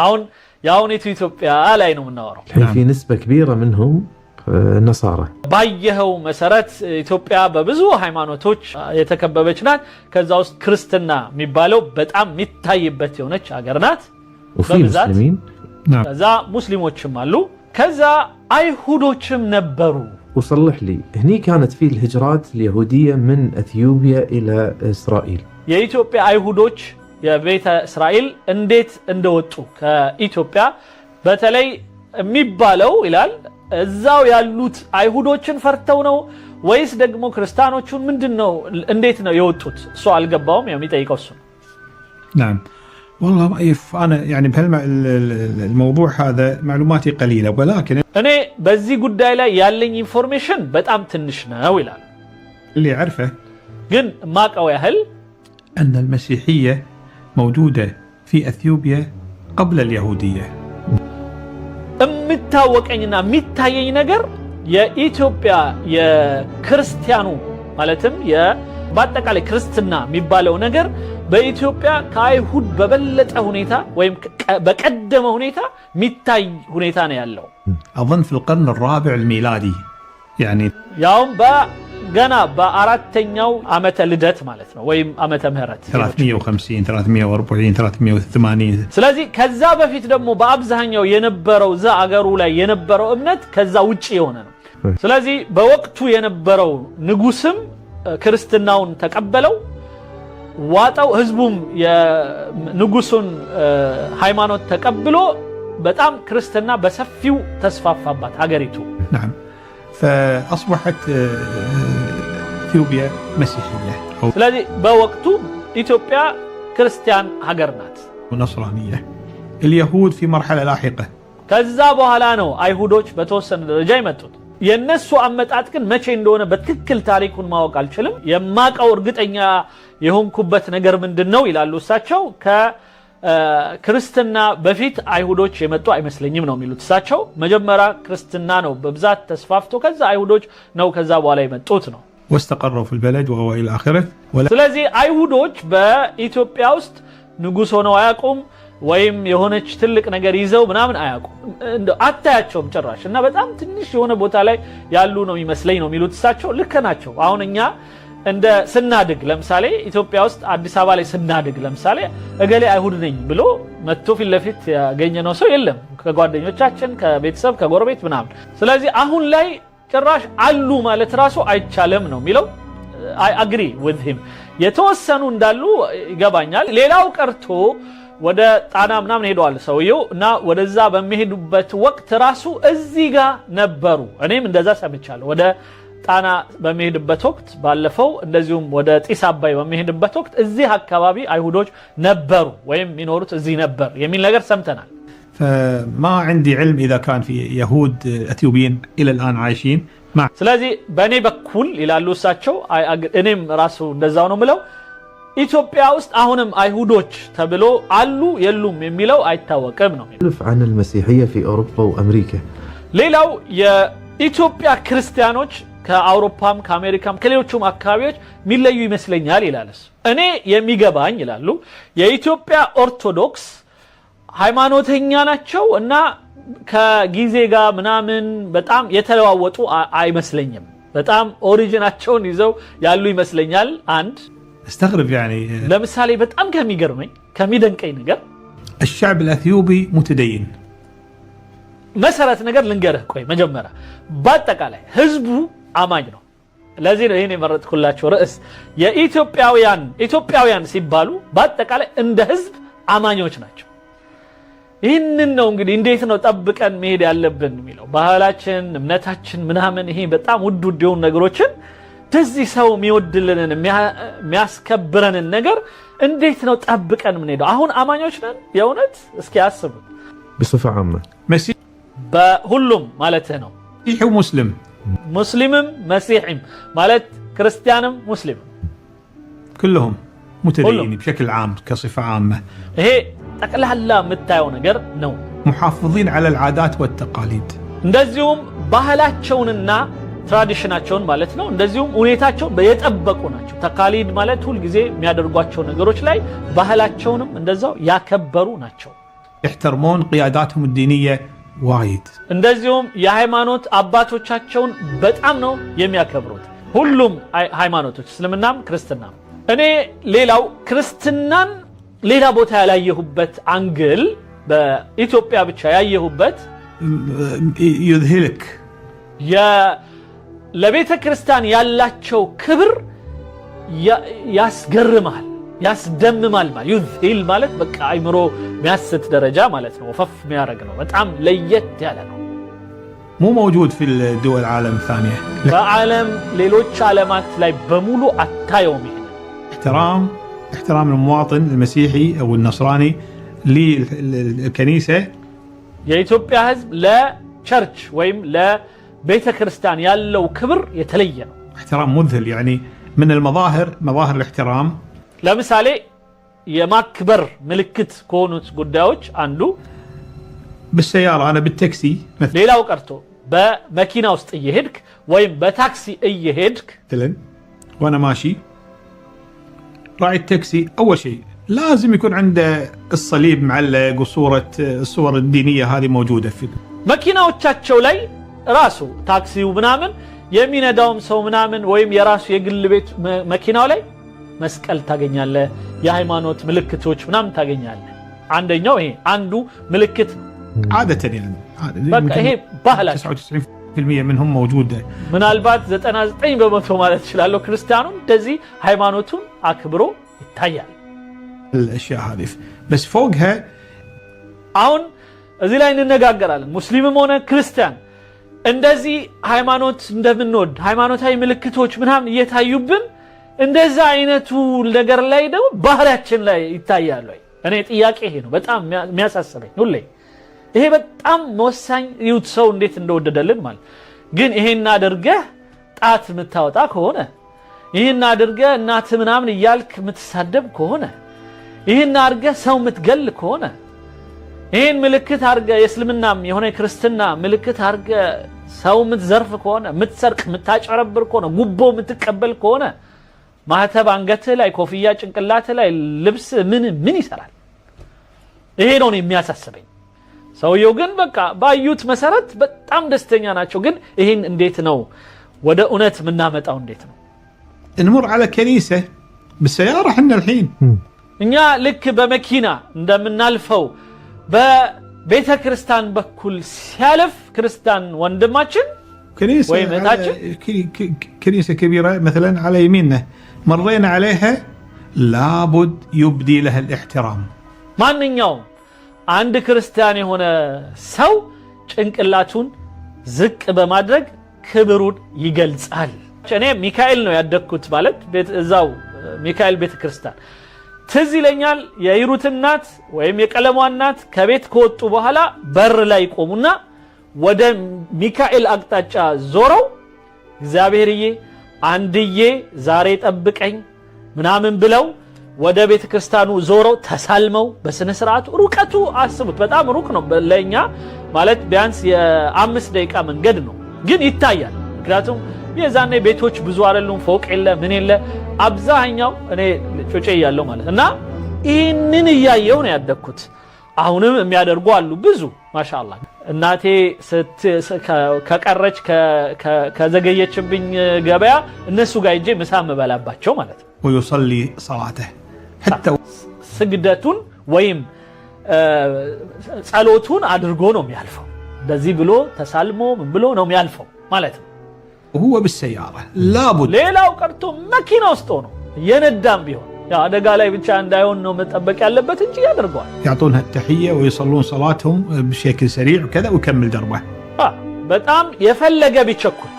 አሁን የአሁኔቱ ኢትዮጵያ ላይ ነው የምናወራው። ፊ ንስበ ከቢራ ምንሁም ነሳራ ባየኸው መሰረት ኢትዮጵያ በብዙ ሃይማኖቶች የተከበበች ናት። ከዛ ውስጥ ክርስትና የሚባለው በጣም የሚታይበት የሆነች ሀገር ናት በብዛት ከዛ ሙስሊሞችም አሉ። ከዛ አይሁዶችም ነበሩ። وصلح لي هني كانت في الهجرات اليهودية من اثيوبيا الى اسرائيل የኢትዮጵያ አይሁዶች የቤተ እስራኤል እንዴት እንደወጡ ከኢትዮጵያ በተለይ የሚባለው ይላል እዛው ያሉት አይሁዶችን ፈርተው ነው ወይስ ደግሞ ክርስቲያኖቹን ምንድን ነው እንዴት ነው የወጡት እሱ አልገባውም የሚጠይቀው እሱ نعم والله ضعيف انا يعني በልመውضوع هذا معلوماتي قليلة ولكن እኔ በዚህ ጉዳይ ላይ ያለኝ ኢንፎርሜሽን በጣም ትንሽ ነው ይላል اللي اعرفه ግን ማቀው ያህል ان المسيحيه موجودة في أثيوبيا قبل اليهودية የምታወቀኝና የሚታየኝ ነገር የኢትዮጵያ የክርስቲያኑ ማለትም በአጠቃላይ ክርስትና የሚባለው ነገር በኢትዮጵያ ከአይሁድ በበለጠ ሁኔታ ወይም በቀደመ ሁኔታ የሚታይ ሁኔታ ነው ያለው አን ፊ ልቀርን ራቢዕ ልሚላዲ ያውም ገና በአራተኛው ዓመተ ልደት ማለት ነው ወይም ዓመተ ምህረት 350 ስለዚህ ከዛ በፊት ደግሞ በአብዛኛው የነበረው እዛ አገሩ ላይ የነበረው እምነት ከዛ ውጭ የሆነ ነው። ስለዚህ በወቅቱ የነበረው ንጉስም ክርስትናውን ተቀበለው ዋጠው፣ ህዝቡም የንጉሱን ሃይማኖት ተቀብሎ በጣም ክርስትና በሰፊው ተስፋፋባት ሀገሪቱ። فاصبحت اثيوبيا مسيحيه ስለዚህ በወቅቱ ኢትዮጵያ ክርስቲያን ሀገር ናት። اليهود في مرحله لاحقه ከዛ በኋላ ነው አይሁዶች በተወሰነ ደረጃ ይመጡት የእነሱ አመጣጥ ግን መቼ እንደሆነ በትክክል ታሪኩን ማወቅ አልችልም። የማቀው እርግጠኛ የሆንኩበት ነገር ምንድን ነው ይላሉ እሳቸው ክርስትና በፊት አይሁዶች የመጡ አይመስለኝም ነው የሚሉት እሳቸው። መጀመሪያ ክርስትና ነው በብዛት ተስፋፍቶ ከዛ አይሁዶች ነው ከዛ በኋላ የመጡት ነው። ወስተቀረው ፊል በለድ ወ ስለዚህ አይሁዶች በኢትዮጵያ ውስጥ ንጉሥ ሆነው አያውቁም፣ ወይም የሆነች ትልቅ ነገር ይዘው ምናምን አያውቁም። አታያቸውም ጭራሽ እና በጣም ትንሽ የሆነ ቦታ ላይ ያሉ ነው የሚመስለኝ ነው የሚሉት እሳቸው። ልክ ናቸው። አሁን እኛ እንደ ስናድግ ለምሳሌ ኢትዮጵያ ውስጥ አዲስ አበባ ላይ ስናድግ ለምሳሌ እገሌ አይሁድ ነኝ ብሎ መጥቶ ፊት ለፊት ያገኘነው ሰው የለም፣ ከጓደኞቻችን፣ ከቤተሰብ፣ ከጎረቤት ምናምን። ስለዚህ አሁን ላይ ጭራሽ አሉ ማለት ራሱ አይቻልም ነው የሚለው። አይ አግሪ ዊዝ ሂም የተወሰኑ እንዳሉ ይገባኛል። ሌላው ቀርቶ ወደ ጣና ምናምን ሄደዋል ሰውየው እና ወደዛ በሚሄዱበት ወቅት ራሱ እዚህ ጋር ነበሩ። እኔም እንደዛ ሰምቻለሁ ወደ ጣና በሚሄድበት ወቅት ባለፈው እንደዚሁም ወደ ጢስ አባይ በሚሄድበት ወቅት እዚህ አካባቢ አይሁዶች ነበሩ ወይም የሚኖሩት እዚህ ነበር የሚል ነገር ሰምተናል። ማ ንዲ ዕልም ኢዛ ካን የሁድ ኢትዮጵይን ኢለልአን ዓይሺን ስለዚህ በእኔ በኩል ይላሉ እሳቸው፣ እኔም ራሱ እንደዛው ነው ምለው ኢትዮጵያ ውስጥ አሁንም አይሁዶች ተብሎ አሉ የሉም የሚለው አይታወቅም ነው። ሌላው የኢትዮጵያ ክርስቲያኖች ከአውሮፓም ከአሜሪካም ከሌሎቹም አካባቢዎች የሚለዩ ይመስለኛል ይላለስ እኔ የሚገባኝ ይላሉ የኢትዮጵያ ኦርቶዶክስ ሃይማኖተኛ ናቸው እና ከጊዜ ጋር ምናምን በጣም የተለዋወጡ አይመስለኝም። በጣም ኦሪጅናቸውን ይዘው ያሉ ይመስለኛል። አንድ አስተግርብ ለምሳሌ በጣም ከሚገርመኝ ከሚደንቀኝ ነገር الشعب الاثيوبي متدين መሰረት ነገር ልንገርህ። ቆይ መጀመሪያ በአጠቃላይ ህዝቡ አማኝ ነው። ለዚህ ነው ይህን የመረጥኩላቸው ርዕስ የኢትዮጵያውያን ኢትዮጵያውያን ሲባሉ በአጠቃላይ እንደ ህዝብ አማኞች ናቸው። ይህንን ነው እንግዲህ እንዴት ነው ጠብቀን መሄድ ያለብን የሚለው ባህላችን፣ እምነታችን ምናምን ይሄ በጣም ውድ ውድ የሆኑ ነገሮችን እንደዚህ ሰው የሚወድልንን የሚያስከብረንን ነገር እንዴት ነው ጠብቀን ምንሄደው? አሁን አማኞች ነን የእውነት እስኪ አስቡ። በሁሉም ማለት ነው ሙስሊም ሙስሊምም መሲሕም ማለት ክርስቲያንም ሙስሊም ክልሁም ሙተደይን ብሸክል ዓም ከሲፋ ዓመ ይሄ ጠቅላላ የምታየው ነገር ነው። ሙሓፍዚን ዐለ ልዓዳት ወተቃሊድ እንደዚሁም ባህላቸውንና ትራዲሽናቸውን ማለት ነው። እንደዚሁም ሁኔታቸውን የጠበቁ ናቸው። ተቃሊድ ማለት ሁልጊዜ የሚያደርጓቸው ነገሮች ላይ ባህላቸውንም እንደዛው ያከበሩ ናቸው። ይሕተርሞን ቅያዳትሁም ዲንየ ዋይድ እንደዚሁም የሃይማኖት አባቶቻቸውን በጣም ነው የሚያከብሩት። ሁሉም ሃይማኖቶች እስልምናም፣ ክርስትናም። እኔ ሌላው ክርስትናን ሌላ ቦታ ያላየሁበት አንግል በኢትዮጵያ ብቻ ያየሁበት ይልክ ለቤተ ክርስቲያን ያላቸው ክብር ያስገርማል። ያስደምማል ማለት ዩዝሂል ማለት በቃ አይምሮ ሚያስት ደረጃ ማለት ነው ወፈፍ ሚያደረግ ነው በጣም ለየት ያለ ነው مو موجود في الدول العالم الثانيه بعالم ليلوتش علامات لا بمولو اتا احترام احترام المواطن المسيحي او النصراني للكنيسه يا ايتوبيا لا تشرش ويم لا بيتا كريستيان يالو كبر يتلين احترام مذهل يعني من المظاهر مظاهر الاحترام ለምሳሌ የማክበር ምልክት ከሆኑት ጉዳዮች አንዱ ብሰያራ አነ ብታክሲ ሌላው ቀርቶ በመኪና ውስጥ እየሄድክ ወይም በታክሲ እየሄድክ ትልን وانا ماشي راعي التاكسي اول شيء لازم يكون عنده الصليب معلق وصوره الصور الدينيه هذه موجوده في መኪናዎቻቸው ላይ ራሱ ታክሲው ምናምን የሚነዳውም ሰው ምናምን ወይም የራሱ የግል ቤት መኪናው ላይ መስቀል ታገኛለ የሃይማኖት ምልክቶች ምናምን ታገኛለህ። አንደኛው ይሄ አንዱ ምልክት ይሄ ባህላቸው ምናልባት 99 በመቶ ማለት እችላለሁ። ክርስቲያኑ እንደዚህ ሃይማኖቱን አክብሮ ይታያል። አሁን እዚህ ላይ እንነጋገራለን። ሙስሊምም ሆነ ክርስቲያን እንደዚህ ሃይማኖት እንደምንወድ ሃይማኖታዊ ምልክቶች ምናምን እየታዩብን እንደዛ አይነቱ ነገር ላይ ደግሞ ባህሪያችን ላይ ይታያሉ። እኔ ጥያቄ ይሄ ነው፣ በጣም የሚያሳስበኝ ሁሌ ይሄ በጣም ወሳኝ ይሁት ሰው እንዴት እንደወደደልን ማለት ግን ይሄን አድርገህ ጣት የምታወጣ ከሆነ ይህን አድርገህ እናት ምናምን እያልክ የምትሳደብ ከሆነ ይህን አድርገህ ሰው የምትገል ከሆነ ይህን ምልክት አድርገህ የእስልምናም የሆነ የክርስትና ምልክት አድርገህ ሰው የምትዘርፍ ከሆነ የምትሰርቅ፣ የምታጨረብር ከሆነ ጉቦ የምትቀበል ከሆነ ማህተብ አንገትህ ላይ፣ ኮፍያ ጭንቅላትህ ላይ፣ ልብስ ምን ምን ይሰራል? ይሄ ነው የሚያሳስበኝ። ሰውየው ግን በቃ ባዩት መሰረት በጣም ደስተኛ ናቸው። ግን ይህን እንዴት ነው ወደ እውነት የምናመጣው? እንዴት ነው እንሙር አለ ከኒሰ ብሰያራ ሕና ልሒን እኛ ልክ በመኪና እንደምናልፈው በቤተ ክርስቲያን በኩል ሲያልፍ ክርስቲያን ወንድማችን ወይ እህታችን ከኒሰ ከቢራ መ مرينا عليها لابد يبدي لها الاحترام ማንኛውም አንድ ክርስቲያን የሆነ ሰው ጭንቅላቱን ዝቅ በማድረግ ክብሩን ይገልጻል። እኔ ሚካኤል ነው ያደግኩት ማለት እዛው ሚካኤል ቤተ ክርስቲያን ትዝ ይለኛል። የሂሩት እናት ወይም የቀለሟ እናት ከቤት ከወጡ በኋላ በር ላይ ቆሙና ወደ ሚካኤል አቅጣጫ ዞረው እግዚአብሔርዬ አንድዬ ዛሬ ጠብቀኝ ምናምን ብለው ወደ ቤተ ክርስቲያኑ ዞረው ተሳልመው በስነ ስርዓቱ ሩቀቱ አስቡት፣ በጣም ሩቅ ነው ለእኛ ማለት ቢያንስ የአምስት ደቂቃ መንገድ ነው፣ ግን ይታያል። ምክንያቱም የዛኔ ቤቶች ብዙ አይደሉም፣ ፎቅ የለ ምን የለ አብዛኛው እኔ ጮጬ እያለሁ ማለት እና ይህንን እያየው ነው ያደግኩት። አሁንም የሚያደርጉ አሉ ብዙ ማሻላ። እናቴ ከቀረች ከዘገየችብኝ ገበያ እነሱ ጋር ሄጄ ምሳ ምበላባቸው ማለት ነው። ወዩሰሊ ስግደቱን ወይም ጸሎቱን አድርጎ ነው የሚያልፈው። እንደዚህ ብሎ ተሳልሞ ምን ብሎ ነው የሚያልፈው ማለት ነው። ሁወ ብሰያራ ላቡ ሌላው ቀርቶ መኪና ውስጥ ሆኖ የነዳም ቢሆን አደጋ ላይ ብቻ እንዳይሆን ነው መጠበቅ ያለበት እንጂ ያደርገዋል። ያጡን ተሕየ ወይሰሉን ሰላትሁም ብሸክል ሰሪ ከዛ ውከምል ደርባ በጣም የፈለገ ቢቸኩል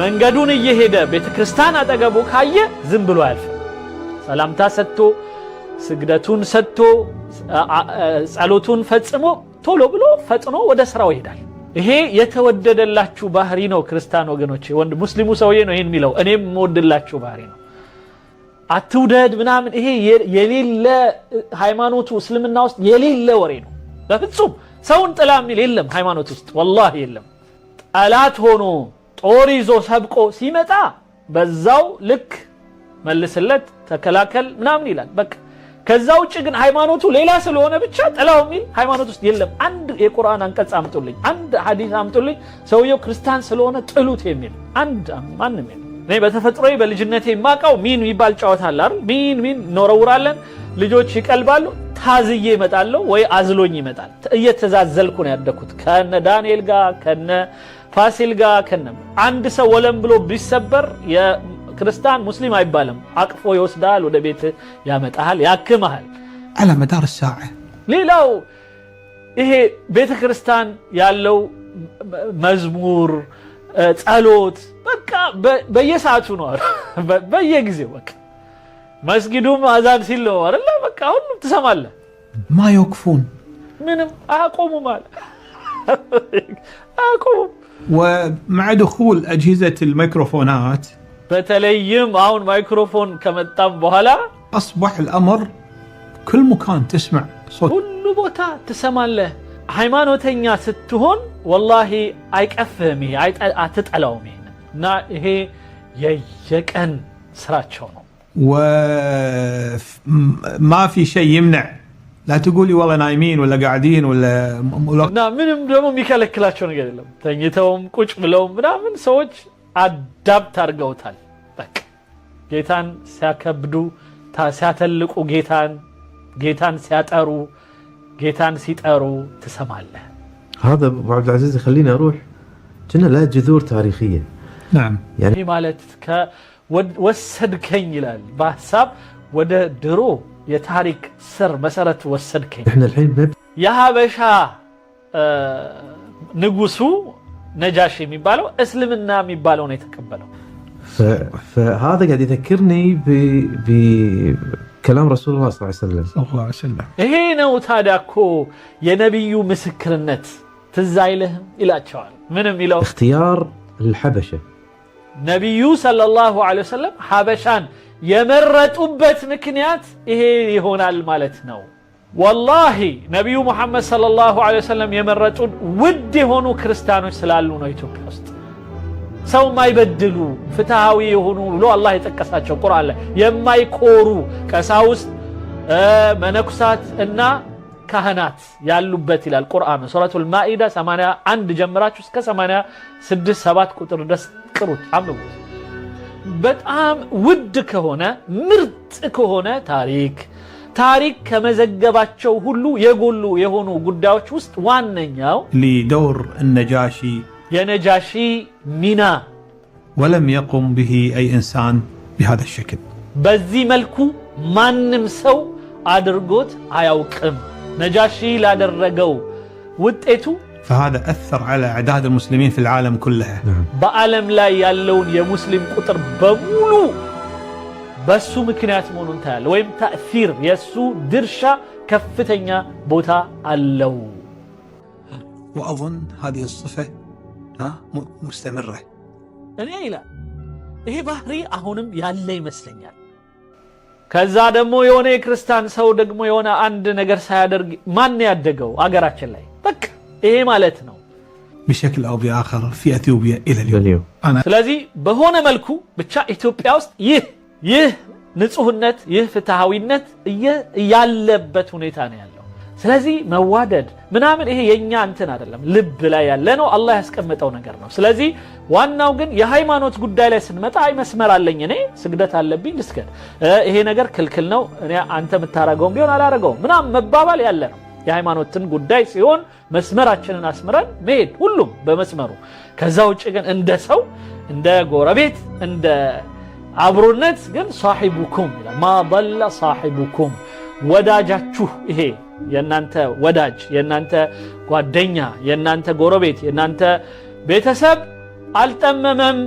መንገዱን እየሄደ ቤተ ክርስቲያን አጠገቡ ካየ ዝም ብሎ ያልፍ። ሰላምታ ሰጥቶ ስግደቱን ሰጥቶ ጸሎቱን ፈጽሞ ቶሎ ብሎ ፈጥኖ ወደ ስራው ይሄዳል። ይሄ የተወደደላችሁ ባህሪ ነው ክርስቲያን ወገኖቼ። ወንድ ሙስሊሙ ሰውዬ ነው ይህን የሚለው፣ እኔም የምወድላችሁ ባህሪ ነው። አትውደድ ምናምን ይሄ የሌለ ሃይማኖቱ እስልምና ውስጥ የሌለ ወሬ ነው። በፍጹም ሰውን ጥላ የሚል የለም ሃይማኖት ውስጥ ወላሂ የለም። ጠላት ሆኖ ጦር ይዞ ሰብቆ ሲመጣ በዛው ልክ መልስለት፣ ተከላከል ምናምን ይላል በቃ። ከዛ ውጭ ግን ሃይማኖቱ ሌላ ስለሆነ ብቻ ጥላው የሚል ሃይማኖት ውስጥ የለም። አንድ የቁርአን አንቀጽ አምጡልኝ፣ አንድ ሀዲስ አምጡልኝ ሰውየው ክርስቲያን ስለሆነ ጥሉት የሚል አንድ ማንም የለም። እኔ በተፈጥሮ በልጅነቴ የማውቀው ሚን የሚባል ጨዋታ አለ አይደል? ሚን ሚን ኖረውራለን ልጆች ይቀልባሉ። ታዝዬ ይመጣለሁ ወይ አዝሎኝ ይመጣል። እየተዛዘልኩ ነው ያደግኩት ከነ ዳንኤል ጋር ከነ ፋሲል ጋር ከነ አንድ ሰው ወለም ብሎ ቢሰበር የክርስቲያን ሙስሊም አይባልም። አቅፎ ይወስዳል፣ ወደ ቤት ያመጣሃል፣ ያክመሃል። አለመዳር ሳዕ ሌላው ይሄ ቤተ ክርስቲያን ያለው መዝሙር ጸሎት በቃ በየሰዓቱ ነው አይደል? በየጊዜው በቃ መስጊዱም አዛን ሲል ነው አይደል? በቃ ሁሉም ትሰማለህ። ማዮክፉን ምንም አያቆሙም አለ አያቆሙም። ومع دخول أجهزة الميكروفونات በተለይም አሁን ማይክሮፎን ከመጣም በኋላ أصبح الأمر كل مكان تسمع صوت ሁሉ ቦታ ትሰማለህ። ሃይማኖተኛ ስትሆን ወላሂ አይቀፍህም፣ አትጠላውም እና ይሄ የየቀን ስራቸው ነው። ማፊ ሸይ ይምነዕ ላትጉል ወላ ናይሚን ወላ ጋዕዲን እና ምንም ደግሞ የሚከለክላቸው ነገር የለም። ተኝተውም ቁጭ ብለውም ምናምን ሰዎች አዳብት አድርገውታል። ጌታን ሲያከብዱ ሲያተልቁ፣ ጌታን ጌታን ሲያጠሩ፣ ጌታን ሲጠሩ ትሰማለህ። هذا ابو عبد العزيز يخليني اروح كنا لا جذور تاريخيه نعم يعني مالت ك سر مسألة وسد كنجلال احنا الحين نب يا هابشا آه نقوسو نجاشي ميبالو اسلمنا ميبالو نيتكبلو فهذا قاعد يذكرني ب ب كلام رسول الله صلى الله عليه وسلم صلى الله عليه وسلم هنا وتاداكو يا نبي مسكر النت تزايلهم الى اتشار منهم الى اختيار الحبشه ነቢዩ ሰለላሁ ዐለይሂ ወሰለም ሀበሻን የመረጡበት ምክንያት ይሄ ይሆናል ማለት ነው። ወላሂ ነቢዩ ሙሐመድ ሰለላሁ ዐለይሂ ወሰለም የመረጡን ውድ የሆኑ ክርስቲያኖች ስላሉ ነው። ኢትዮጵያ ውስጥ ሰው የማይበድሉ ፍትሃዊ የሆኑ ብሎ አላህ የጠቀሳቸው ቁርአን ላይ የማይኮሩ ቀሳውስት፣ መነኩሳት እና ካህናት ያሉበት ይላል ቁርአን ሱረቱል ማኢዳ 81 ጀምራችሁ እስከ 86 7 ቁጥር ድረስ ቅሩት፣ አንብቡት። በጣም ውድ ከሆነ ምርጥ ከሆነ ታሪክ ታሪክ ከመዘገባቸው ሁሉ የጎሉ የሆኑ ጉዳዮች ውስጥ ዋነኛው ሊደውር ነጃሺ የነጃሺ ሚና ወለም የቁም ብሂ አይ ኢንሳን ቢሃዛ ሸክል በዚህ መልኩ ማንም ሰው አድርጎት አያውቅም። نجاشي لا درقوا وطيتو فهذا اثر على اعداد المسلمين في العالم كلها نعم. بعالم لا يالون يا مسلم قطر بمولو بسو مكنيات مونون تال ويم تاثير يسو درشا كفتنيا بوتا اللو واظن هذه الصفه ها مستمره يعني لا هي بحري اهونم يالي مسلنيات ከዛ ደግሞ የሆነ የክርስቲያን ሰው ደግሞ የሆነ አንድ ነገር ሳያደርግ ማን ያደገው አገራችን ላይ በቃ ይሄ ማለት ነው። ብሸክል አው ቢአኸር ፊ ኢትዮጵያ ኢለልዩ። ስለዚህ በሆነ መልኩ ብቻ ኢትዮጵያ ውስጥ ይህ ይህ ንጹህነት ይህ ፍትሃዊነት እያለበት ሁኔታ ነው ያለው። ስለዚህ መዋደድ ምናምን ይሄ የኛ እንትን አይደለም፣ ልብ ላይ ያለ ነው፣ አላህ ያስቀመጠው ነገር ነው። ስለዚህ ዋናው ግን የሃይማኖት ጉዳይ ላይ ስንመጣ አይ መስመር አለኝ እኔ ስግደት አለብኝ ልስገድ፣ ይሄ ነገር ክልክል ነው፣ እኔ አንተ የምታረገውም ቢሆን አላረገውም ምናምን መባባል ያለ ነው። የሃይማኖትን ጉዳይ ሲሆን መስመራችንን አስምረን መሄድ ሁሉም በመስመሩ። ከዛ ውጭ ግን እንደ ሰው እንደ ጎረቤት እንደ አብሮነት ግን ሳሒቡኩም ማ ضለ ሳሒቡኩም ወዳጃችሁ ይሄ የእናንተ ወዳጅ፣ የእናንተ ጓደኛ፣ የእናንተ ጎረቤት፣ የእናንተ ቤተሰብ አልጠመመም።